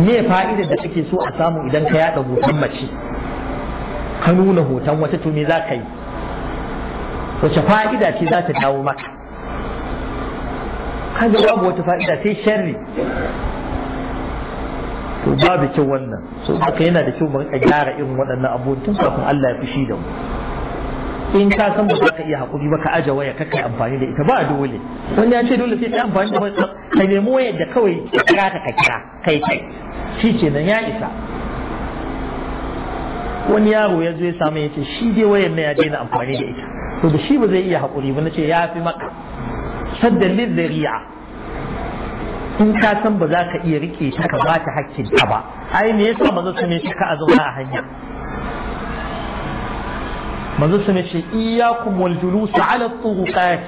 S1: me fa'ida da kake so a samu idan ka yada hoton mace ka nuna hoton wata to me za ka yi wace fa'ida ce za ta dawo maka kaga babu wata fa'ida sai sharri to babu kyau wannan so haka yana da kyau mu rika gyara irin waɗannan abubuwan tun kafin Allah ya fushi da mu in ka san ba za ka iya hakuri ba ka aje waya ka kai amfani da ita ba dole wani ya ce dole sai ka amfani da wata ka nemi waya da kawai ka kira ka kira kai kai shi kenan ya isa wani yaro ya zo ya samu ya ce shi dai wayar na ya daina amfani da ita to da shi ba zai iya hakuri ba na ce ya fi maka saddan lil zari'a in ka san ba za ka iya rike ta ka bata hakkin ka ba ai me yasa mazo su ne ka a zauna a hanya mazo su ne ce iyyakum wal julus ala turuqat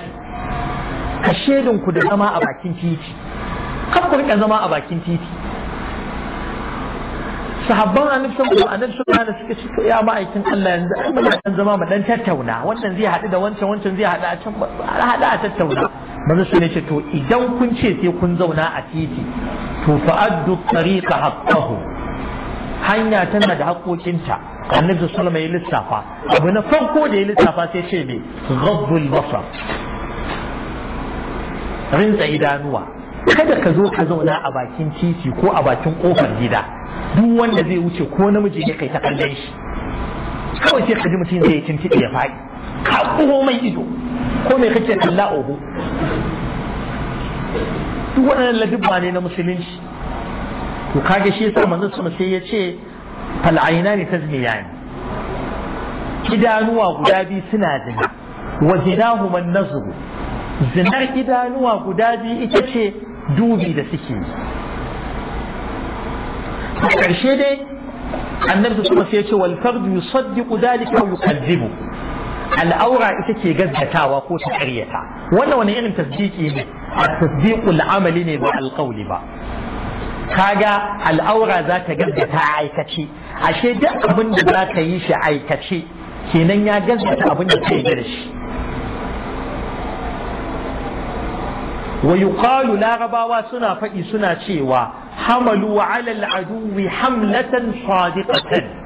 S1: ka shedin ku da zama a bakin titi kar ku rika zama a bakin titi sahabban annabi sallallahu alaihi wasallam suka ce to ya ma'aikin Allah yanzu an zama mu dan tattauna wannan zai hadu da wancan wancan zai hadu a can hadu a tattauna manzo su ne ce to idan kun ce sai kun zauna a titi to fa'addu tariqa haqqahu hanya tana da haƙoƙinta annabi sallallahu ya lissafa abu na farko da ya lissafa sai ce me ghadul basar rinsa idanuwa kada ka zo ka zauna a bakin titi ko a bakin kofar gida duk wanda zai wuce ko namiji ne kai ta kallon shi kawai sai ka ji mutum zai tintiɗe ya faɗi kaɓo mai ido ko mai kake kalla oho duk waɗannan ladubba ne na musulunci to kage shi yasa manzon sama sai ya ce fal'aina ne tazmiyani idanuwa guda biyu suna zina wa zinahuma nazru zinar idanuwa guda biyu ita ce dubi da suke yi a ƙarshe dai annabi kuma sai ya ce wal fardu yusaddiqu dhalika wa yukadzibu al'aura ita ce gaggatawa ko ta karyata wannan wani irin tasdiki ne a tasdiqul amali ne ba alqawli ba kaga al'aura za ta gaggata aikace ashe duk abin da za ka yi shi aikace kenan ya gaggata abin da ke da shi wa yuqalu larabawa suna faɗi suna cewa hamalu ala al'aduwi hamlatan sadiqatan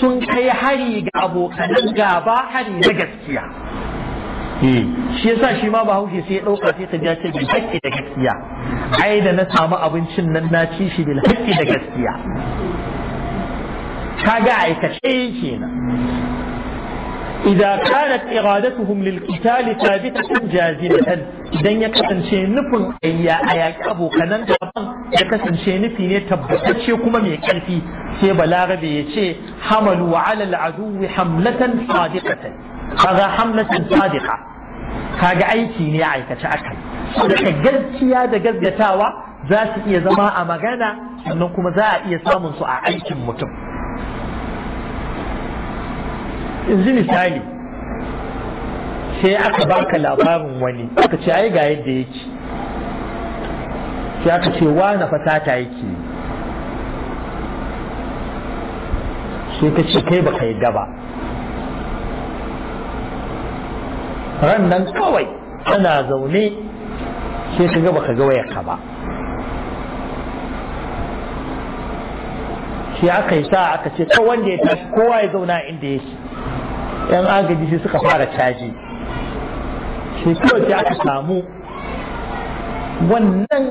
S1: sun kai hari ga abokanan gaba hari na gaskiya hmm. shi yasa shi ma bahaushe sai ya ɗauka sai ta ja ce bil haƙƙi da gaskiya ai da na samu abincin nan na ci shi bil haƙƙi da gaskiya ga aikace kenan إذا كانت إرادتهم للقتال ثابتة جازمة إذن يكسن شيء نفن أي أياك أبو كنان جابان يكسن شيء نفن يتبت شيء كما ميكال في شيء بلاغ شيء حملوا على العدو حملة صادقة هذا حملة صادقة kaga aiki ne aikace akai daga gaskiya da gaggatawa za su iya zama a magana sannan kuma za a iya samun su a aikin mutum yanzu misali sai aka baka labarin wani aka ce ai ga yadda yake sai aka ce wa na fasata yake sai ka ce kai baka yi gaba? ran nan kawai ana zaune sai ka ga baka ga ka ba sai aka yi sa aka ce kawai wanda ya tashi kowa ya zauna inda yake yan agaji sai suka fara caji sai kawai sai aka samu wannan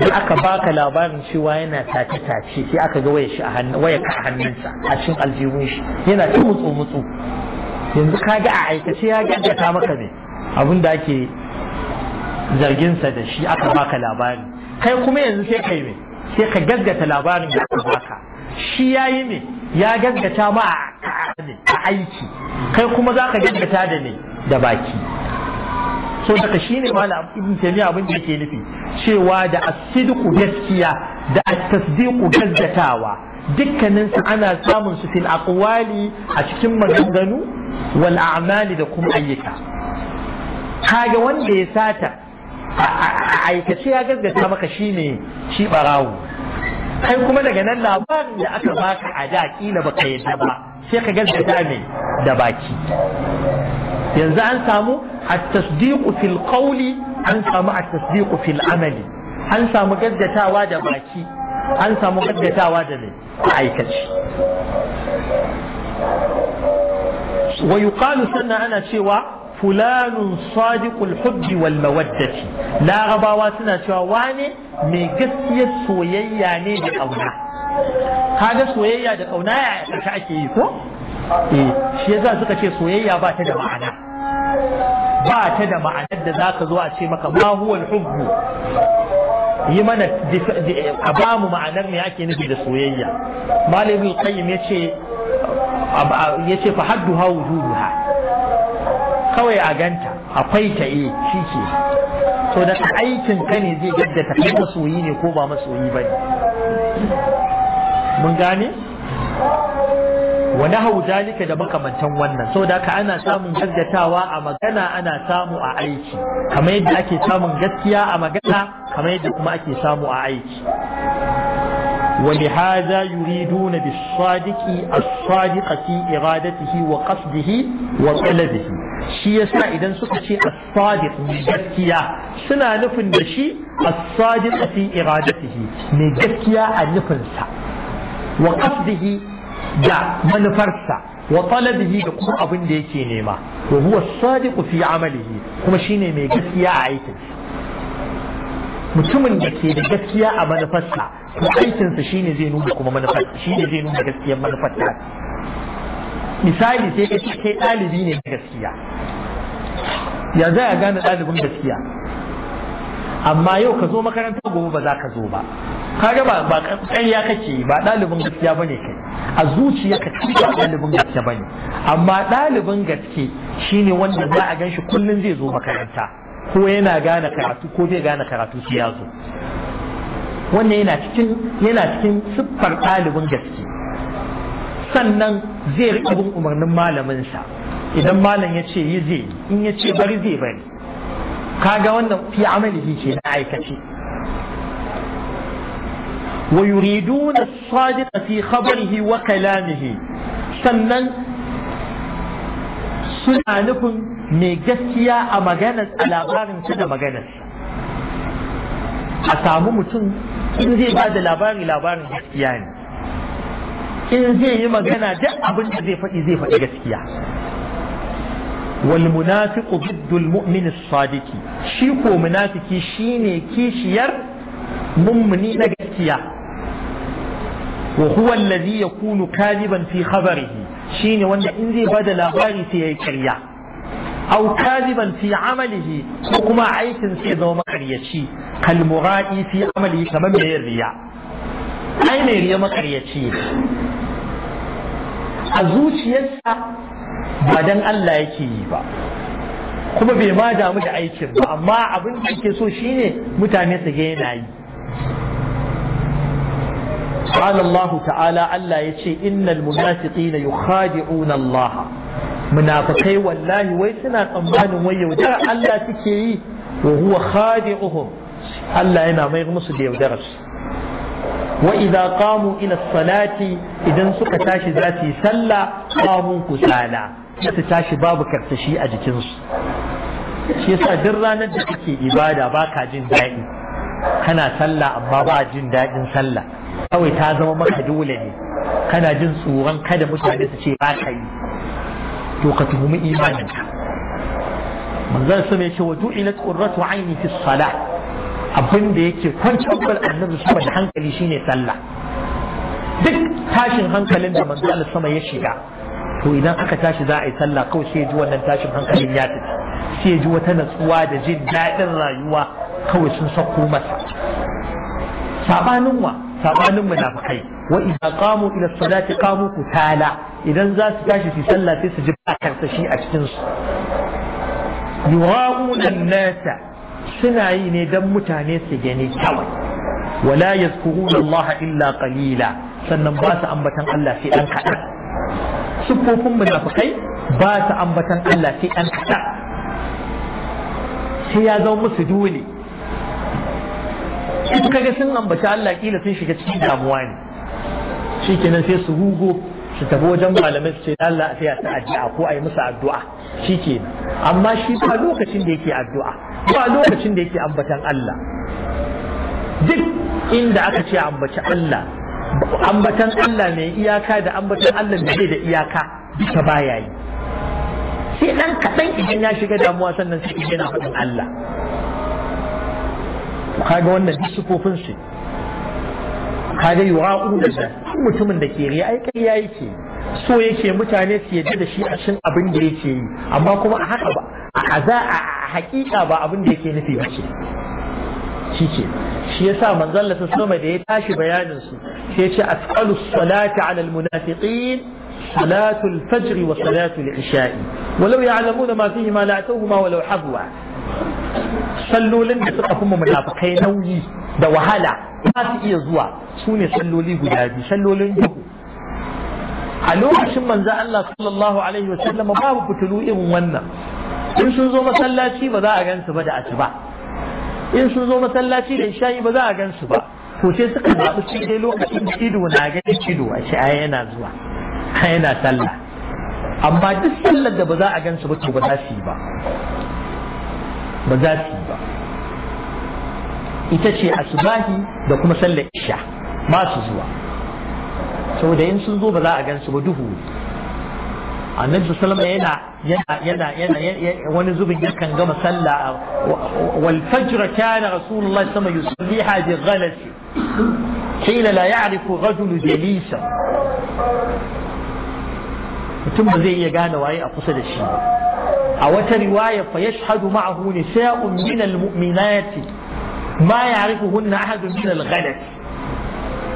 S1: da aka baka labarin cewa yana tace-tace sai aka ga waya shi a hannunsa a cikin aljihun shi yana ta mutsu-mutsu yanzu ka ga a aikace ya ta maka ne abin da ake zarginsa da shi aka baka labarin kai kuma yanzu sai kai me sai ka gaggata labarin da aka baka shi ya yi me ya gaggata ma a aiki kai kuma za ka gaggata da ne da baki so daga shi ne malam ibn taymiya abin da yake nufi cewa da asidiku gaskiya da at-tasdiqu gaggatawa dukkanin ana samun su fil aqwali a cikin maganganu wal a'mali da kuma ayyuka kaga wanda ya sata aikace ya gaggata maka shine shi barawo kai kuma daga nan labarin da aka baka a da kila baka yadda ba sai ka gaskata mai da baki yanzu an samu at-tasdiqu fil qawli an samu at-tasdiqu fil amali an samu gaskatawa da baki an samu gaskatawa da mai aikaci wa yuqalu sanna ana cewa fulanun sadiqul hubbi wal mawaddati larabawa suna cewa wane mai gaskiyar soyayya ne da auna kaga soyayya da kauna ya ƙarshe ake yi ko eh shi yasa suka ce soyayya ba ta da ma'ana ba ta da ma'anar da zaka zo a ce maka ma huwa hubbu yi mana a ba ma'anar me ake nufi da soyayya malamin qayyim yace yace fa haddu ha wujuduha kawai a ganta akwai ta eh shi ke to da aikin ka ne zai gaddata kai masoyi ne ko ba masoyi bane mun gane wani hau zalika da makamantan wannan so da ka ana samun gaggatawa a magana ana samu a aiki kamar yadda ake samun gaskiya a magana kamar yadda kuma ake samu a aiki ولهذا يريدون بالصادق iradatihi wa إرادته wa وطلبه shi yasa idan suka ce a sadiq mai gaskiya suna nufin da shi a sadiq fi iradatihi mai gaskiya a nufinsa wa bihi da manufarsa wa bihi da kuma abin da yake nema wa huwa sadiqu fi amalihi kuma shine mai gaskiya a aikin mutumin da ke da gaskiya a manufarsa to aikinsa shine zai nuna kuma manufar shine zai nuna gaskiyar sai ɗalibi ne gaskiya ya za ya gane ɗalibin gaskiya amma yau ka zo makaranta gobe ba za ka zo ba kaga ba ba ƙarya kake ba ɗalibin gaskiya bane kai a zuciya ka ci ba ɗalibin gaske bane amma ɗalibin gaske shine wanda za a ganshi kullum zai zo makaranta ko yana gane karatu ko bai gane karatu sai ya zo wannan yana cikin yana cikin siffar ɗalibin gaske sannan zai riƙa bin umarnin malaminsa idan malam ya ce yi zai in ya ce bari zai bari kaga wannan fi amalihi ke na aikace wa yuriduna as-sadiqa fi khabarihi wa kalamihi sannan suna nufin mai gaskiya a maganar a labarin su da maganar. a samu mutum in zai ba da labari labarin gaskiya ne in zai yi magana duk abin da zai faɗi zai faɗi gaskiya wal munafiqu biddul mu'min as shi ko munafiki shine kishiyar mummuni na gaskiya wa huwa alladhi yakunu kadiban fi shine wanda in zai bada labari sai yayi karya. aw kadiban fi ko kuma aikin sai zama makaryaci kal mura'i fi amalihi kamar mai riya ai mai riya makaryaci a zuciyarsa ba dan Allah yake yi ba kuma bai ma damu da aikin ba amma abin da yake so shine mutane su ga yana yi قال الله تعالى ألا يشي إن المنافقين يخادعون الله منافقي والله ويسنا أمان ويودع ألا تكيري وهو خادعهم ألا ينا ما يغمس درس وإذا قاموا إلى الصلاة إذا سكتاش ذاتي سلا قاموا كسالا sai su tashi babu karsashi a jikinsu shi yasa duk ranar da kake ibada ba ka jin daɗi kana sallah amma ba jin daɗin sallah kawai ta zama maka dole ne kana jin tsoron kada mutane su ce ba ka yi to ka tuhumi imaninka manzon su mai ce wa du'ilat qurratu aini fi salah abin da yake kwanciyar kwal annabi sama da hankali shine sallah duk tashin hankalin da manzon sama ya shiga to idan aka tashi za a yi sallah kawai sai ji wannan tashin hankalin ya tafi sai ji wata natsuwa da jin daɗin rayuwa kawai sun sauko masa sabanin wa sabanin munafikai wa idza qamu ila salati qamu kutala idan za su tashi su sallah sai su ji ba shi a cikin su yura'una nasa suna yi ne dan mutane su gani kawai wala yazkuruna Allah illa qalila sannan ba su ambatan Allah sai dan kaɗan siffofin munafukai ba su ambatan Allah sai an kada sai ya zama musu dole in kaga sun ambaci Allah kila sun shiga cikin damuwa ne shikenan sai su hugo su tafi wajen malamai su ce Allah a ya su addu'a ko a yi musu addu'a shikenan amma shi ba lokacin da yake addu'a ba lokacin da yake ambatan Allah duk inda aka ce ambaci Allah ambatan Allah mai iyaka da ambatan Allah da bai da iyaka duka baya yi sai dan kaɗan idan ya shiga damuwa sannan sai yana faɗin Allah kaga wannan duk sufofin su kaga yuwa'u da mutumin da ke riya ai yayi yake so yake mutane su yadda da shi a cikin abin da yake yi amma kuma a haka ba a za a hakika ba abin da yake nufi ba ce shi ke shi yasa manzon Allah sallama da ya tashi bayanin su sai ya ce asqalu salati ala almunafiqin salatu alfajr wa salatu al-isha'i walau ya'lamuna ma fihi ma la'atuhuma walau habwa sallolin da suka kuma munafikai nauyi da wahala ba su iya zuwa su ne salloli guda biyu sallolin duhu a lokacin manzo Allah sallallahu alaihi wa sallam babu fitilu irin wannan in sun zo masallaci ba za a gansu ba da asuba in sun zo masallaci da shayi ba za a gan su ba ko sai suka zaɓi su dai lokacin da ido na gani ido a shi ai yana zuwa ai yana sallah amma duk sallar da ba za a gan su ba to ba za su yi ba ba za su yi ba ita ce asubahi da kuma sallar isha ba su zuwa saboda in sun zo ba za a gan su ba duhu annabi sallallahu alaihi wasallam yana yana yana yana wani zubin yakan gama sallah wal fajr kana rasulullahi sama yusalliha bi ghalasi kila la ya'rifu rajul jalisa mutum ba zai iya gane waye a kusa da shi a wata riwaya fa yashhadu ma'ahu nisa'un min al-mu'minati ma ya'rifuhunna ahadun min al-ghalas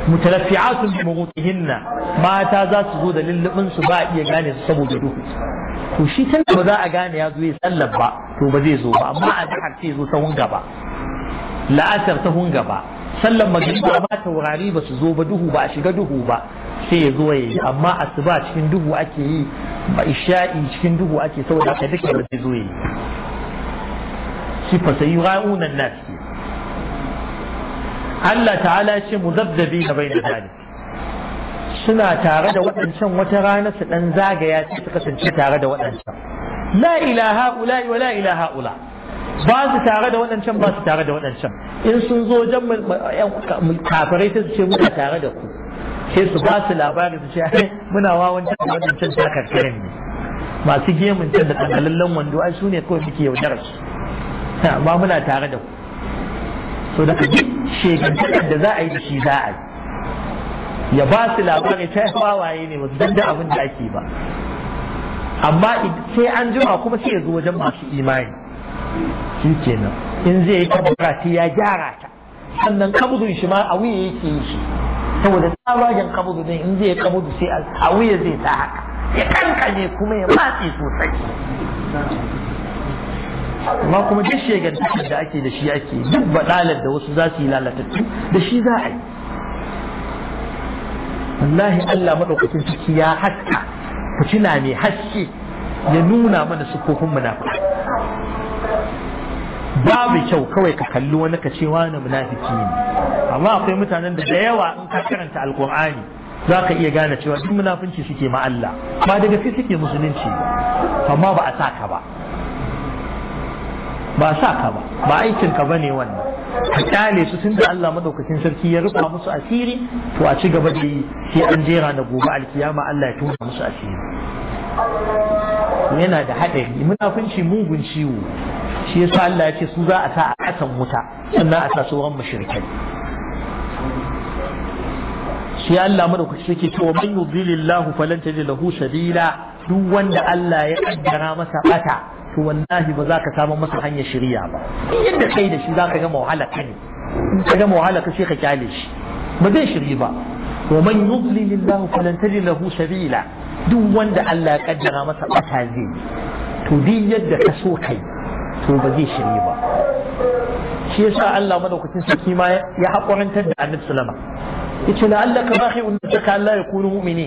S1: mutalaffi'atun bi mughutihinna mata za su zo da lullubin su ba iya gane su saboda duhu to shi can da ba za a gane ya zo ya sallar ba to ba zai zo ba amma a jihar sai zo sahun gaba la'asar sahun gaba sallar magriba ba taurari ba su zo ba duhu ba a shiga duhu ba sai ya zo ya yi amma asuba cikin duhu ake yi ba isha'i cikin duhu ake saboda haka duka ba zai zo ya yi shi sai ra'unan Allah ta'ala ya ce muzabzabi na bai da suna tare da waɗancan wata rana su ɗan zagaya ce su kasance tare da waɗancan la ilaha ula wa la ilaha ula ba su tare da waɗancan ba su tare da waɗancan in sun zo jan kafirai ta su ce muna tare da ku sai su ba su labari su ce muna wawan da waɗancan takarkarin ne masu gemun can da tsangalallen wando ai su ne kawai muke yaudarar su amma muna tare da ku so da duk shekantakar da za a yi da shi za a yi
S2: ya ba su labari
S1: ta hawaye ne ba da abin da ake ba amma sai an jima kuma sai ya zo wajen masu imani shi kenan in zai yi kabura sai ya gyara ta sannan kabudun shi ma a wuya yake yi shi saboda tsabagen kabudu ne in zai kabudu sai a wuya zai ta haka ya kankane kuma ya matse sosai amma kuma duk shegantakar da ake da shi ake duk baɗalar da wasu za su yi lalatattu da shi za a yi wallahi Allah madaukakin ciki ya haska fitila mai haske ya nuna mana sukofin munafiki babu kyau kawai ka kalli wani ka ce wani munafiki ne amma akwai mutanen da da yawa in ka karanta alkur'ani za ka iya gane cewa duk munafunci suke ma Allah ba daga fi suke musulunci amma ba a saka ba ba sa ka ba ba aikin ka bane wannan ka kyale su tunda Allah madaukakin sarki ya rufa musu asiri to a ci gaba da yi sai an jera na gobe alkiyama Allah ya tuna musu asiri yana da haɗari munafunci mugun ciwo shi yasa Allah ya ce su za a sa a kasan wuta sannan a sa sauran mushrikai shi Allah madaukaki suke cewa man yudlilillahu falan tajid lahu sabila duk wanda Allah ya kaddara masa bata to wallahi ba za ka samu masa hanyar shirya ba yadda kai da shi za ka gama wahala ka in ka gama wahala ka sai ka kyale shi ba zai shiri ba wa man yudlil Allah falan tajid lahu sabila duk wanda Allah ya kaddara masa bata zai to duk yadda ka so kai to ba zai shiri ba shi yasa Allah madaukakin sarki ma ya haƙurantar da Annabi sallama yace la'allaka bakhi'un nafsaka Allah ya yakunu mu'mini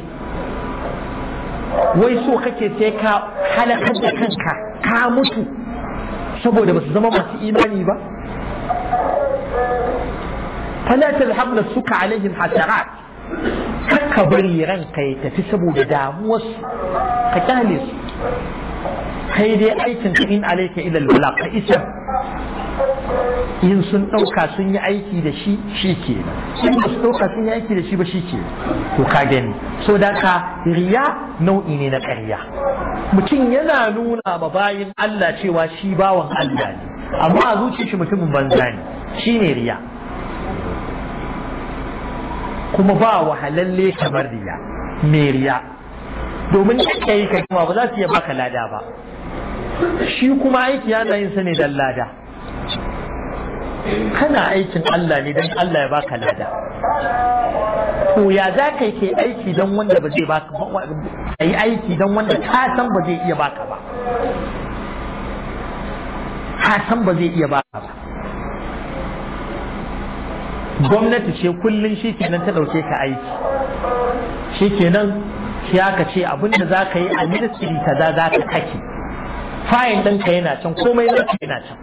S1: wai so kake sai ka halakar da kanka ta mutu saboda ba su zama masu imani ba fala talhabna suka alaihin hasarat kakka bari ranka ya tafi saboda damuwarsu ka kyale su kai dai aikin in alaika ila albala ka isa in sun ɗauka sun yi aiki da shi shi ke in ba su ɗauka sun yi aiki da shi ba shi ke to ka gani so da ka riya nau'i ne na ƙarya mutum yana nuna ma bayin Allah cewa shi bawan Allah ne amma a zuci shi mutumin banza ne shi ne riya kuma ba wahalalle kamar riya mai riya domin ka yi ka kuma ba za su iya baka lada ba shi kuma aiki yana yin sa ne don lada kana aikin Allah ne don Allah ya baka lada to ya za ka yi aiki don wanda ba zai baka ba yi aiki don wanda ka san ba zai iya baka ba ka san ba zai iya baka ba gwamnati ce kullum shi kenan ta ɗauke ka aiki shi kenan ya ka ce abinda za ka yi a ministry ta za ka kake fayin ɗinka yana can komai ɗinka yana can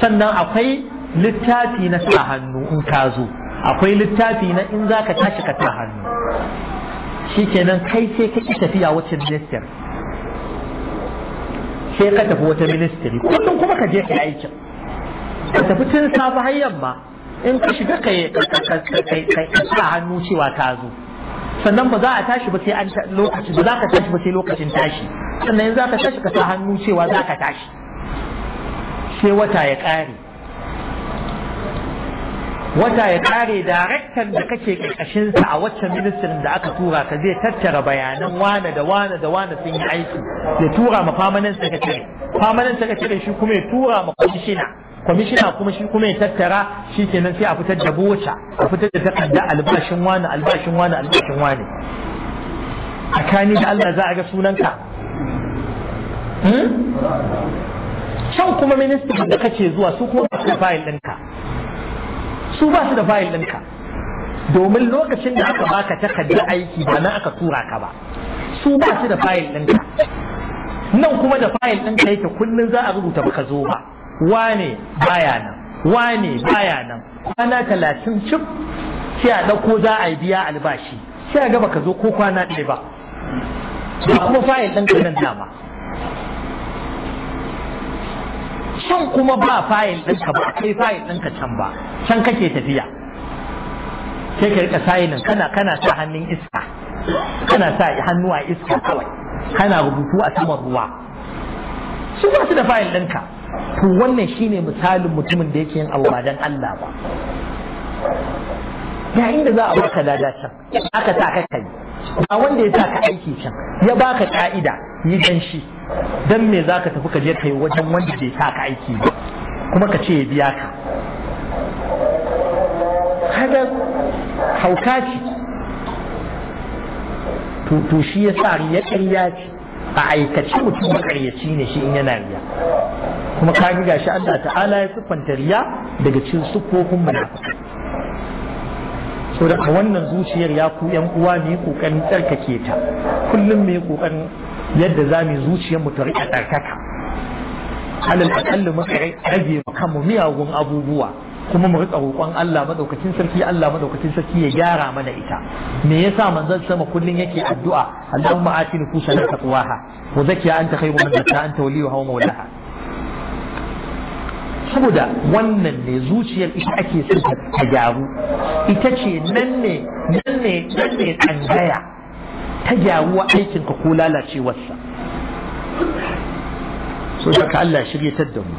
S1: sannan akwai littafi na sa hannu in ka zo akwai littafi na in za ka tashi ka sa hannu shi kenan kai sai ka ƙi tafiya wacce minister sai ka tafi wata ministry kullum kuma ka je ka aikin ka tafi tun safi har yamma in ka shiga ka sa hannu cewa ka zo sannan ba za a tashi ba sai an lokaci ba za ka tashi ba sai lokacin tashi sannan za ka tashi ka sa hannu cewa za ka tashi sai wata ya ƙare wata ya kare daraktan da kake ƙarƙashinsa a waccan ministirin da aka tura ka zai tattara bayanan wane da wane da wane sun yi aiki ya tura ma famanin sakatare famanin sakatare shi kuma ya tura ma kwamishina kwamishina kuma shi kuma ya tattara shi kenan sai a fitar da boca a fitar da takarda albashin wane albashin wane albashin wane. a kani da Allah za a ga sunanka hmm? can kuma ministan da kake zuwa su kuma ba su fayil ɗinka su ba su da fayil ɗinka domin lokacin da aka baka takardar aiki ba na aka tura ka ba su ba su da fayil ɗinka nan kuma da fayil ɗinka yake kullum za a rubuta baka zo ba wane baya nan wane baya nan kwana talatin cif sai a ɗauko za a yi biya albashi sai a ga baka zo ko kwana ɗaya ba ba kuma fayil ɗinka nan dama can kuma ba fayil ɗinka ba kai fayil ɗinka can ba can kake tafiya sai ka rika sayinin kana kana sa hannun iska kana sa hannuwa iska kawai kana rubutu a saman ruwa su ba su da fayil ɗinka to wannan shine misalin mutumin da yake yin abu dan Allah ba yayin da za a baka lada can aka sa kai a wanda ya sa ka aiki can ya baka ka'ida yi dan shi dan za ka tafi ka je kai wajen wanda bai sa ka aiki ba kuma ka ce ya biya ka kaga hauka ce to to shi ya sa ya ƙarya ce a aikace mutum makaryaci ne shi in yana riya kuma ka ga shi Allah ta'ala ya siffanta riya daga cikin siffofin munafikai so da a wannan zuciyar ya ku yan uwa ne kokarin tsarkake ta kullum mai kokarin yadda za mu zuciyar mu ta rika tsarkaka
S2: alal akalli mu
S1: rage kanmu miyagun abubuwa kuma mu rika roƙon Allah madaukakin sarki Allah madaukakin sarki ya gyara mana ita me yasa manzon sama kullun yake addu'a Allahumma atini kusalat taqwaha wa zakiya anta khayru man zakka anta waliyuha wa mawlaha saboda wannan ne zuciyar ita ake son ta gyaru ita ce nan ne nan ne nan ne tsangaya ta gyaruwa aikinka ko lalacewarsa so saka Allah shiryatar da mu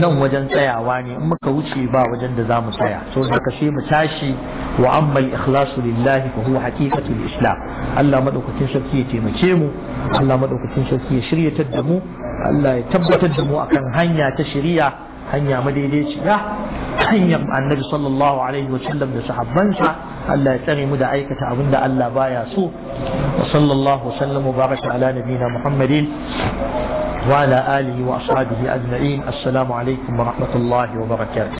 S1: nan wajen tsayawa ne in muka wuce ba wajen da za mu tsaya so saka sai mu tashi wa amma ikhlasu lillahi fa huwa haqiqatul islam Allah madaukakin sarki ya taimake mu Allah madaukakin sarki ya shiryatar da mu Allah ya tabbatar da mu akan hanya ta shari'a hanya madaidaiciya hanyar annabi sallallahu alaihi wa sallam da sahabbansa Allah ya tsare mu da aikata abin da Allah baya so wa sallallahu sallam wa ala nabina Muhammadin wa ala alihi wa ashabihi ajma'in assalamu alaikum wa rahmatullahi wa barakatuh